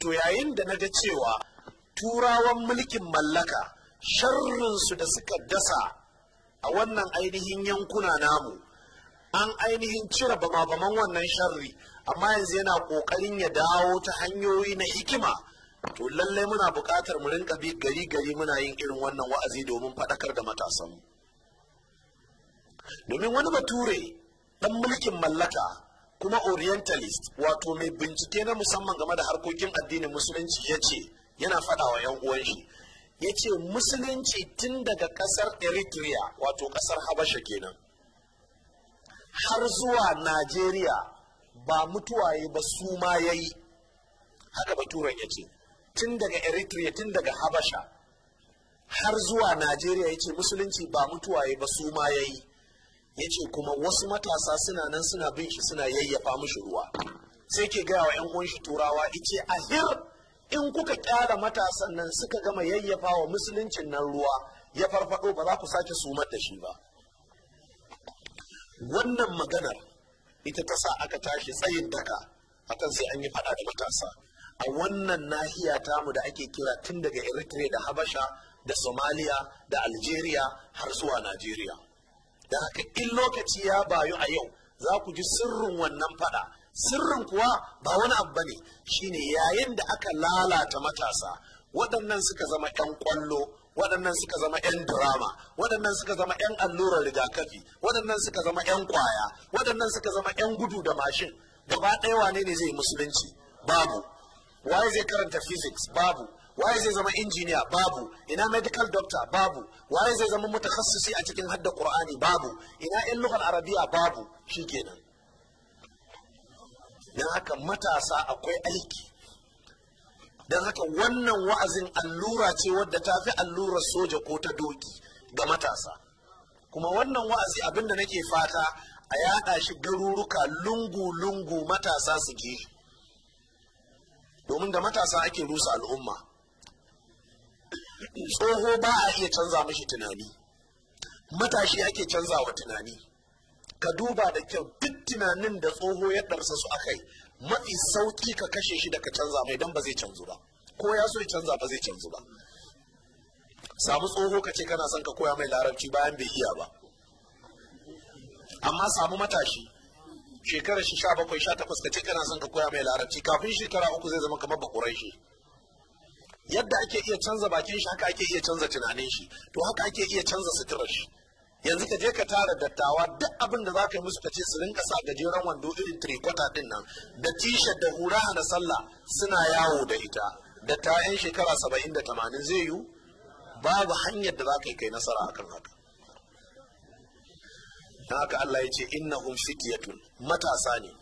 to yayin da na ga cewa turawan mulkin mallaka sharrinsu da suka dasa a wannan ainihin yankuna namu an ainihin cire bama-baman wannan sharri amma yanzu yana ƙoƙarin ya dawo ta hanyoyi na hikima to lallai muna buƙatar mu rinka bi gari gari muna yin irin wannan wa'azi domin faɗakar da matasanmu domin wani bature ɗan mulkin mallaka kuma orientalist wato mai bincike na musamman game da harkokin addinin musulunci ya ce yana faɗa wa 'yan uwan shi ya ce musulunci tun daga ƙasar eritrea wato ƙasar habasha kenan har zuwa najeriya ba mutuwaye ba su ma ya yi haka baturan ya ce tun daga eritrea tun daga habasha har zuwa najeriya ya ce musulunci ba mutuwaye ba su ma ya yi ya ce kuma wasu matasa suna nan suna bin shi suna yayyafa musu ruwa sai ke gaya wa 'yan uwan shi turawa ice hir in kuka kyara matasan nan suka gama yayyafa wa musuluncin nan ruwa ya farfado ba za ku sake sumar da shi ba wannan maganar ita ta sa aka tashi tsayin daka akan sai an yi fada da matasa a wannan nahiya mu da ake kira tun daga eritrea da habasha da somalia da algeria har zuwa najeriya da haka in lokaci ya bayu a yau za ku ji sirrin wannan fada sirrin kuwa ba wani abu bane shine yayin da aka lalata matasa waɗannan suka zama 'yan ƙwallo waɗannan suka zama 'yan drama waɗannan suka zama 'yan allurar rigakafi waɗannan suka zama 'yan kwaya waɗannan suka zama 'yan gudu da mashin gaba ɗaya wane ne zai musulunci babu waye zai karanta physics babu waye zai zama injiniya babu ina medical doctor babu waye zai zama mutakhassisi a cikin hadda qur'ani babu ina yan lughar arabiya babu shikenan dan haka matasa akwai aiki dan haka wannan wa'azin allura ce wadda ta fi allurar soja ko ta doki ga matasa kuma wannan wa'azi abinda nake fata a yaɗa shi garuruka lungu-lungu matasa su je. domin da matasa ake rusa al'umma tsoho ba a iya canza mashi tunani matashi ake canza wa tunani ka duba da kyau duk tunanin da tsoho ya ɗarsa su akai mafi sauƙi ka kashe shi daga canza mai don ba zai canzu ba ko ya so ya canza ba zai canzu ba samu tsoho ka ce kana son ka koya mai larabci bayan bai iya ba amma samu matashi shekarar shi sha bakwai sha takwas ka ce kana son ka koya mai larabci kafin shekara uku zai zama kamar bakurai shi yadda ake iya canza bakin shi haka ake iya canza tunanin shi to haka ake iya canza suturar shi yanzu ka je ka tara dattawa duk abin da za ka yi musu ka ce su rinka sa gajeren wando irin tirikwata din nan da tishat da hura na sallah suna yawo da ita da ta yan shekara saba'in da tamanin zai yiwu babu hanyar da za ka yi kai nasara akan haka haka Allah ya ce innahum fityatun matasa ne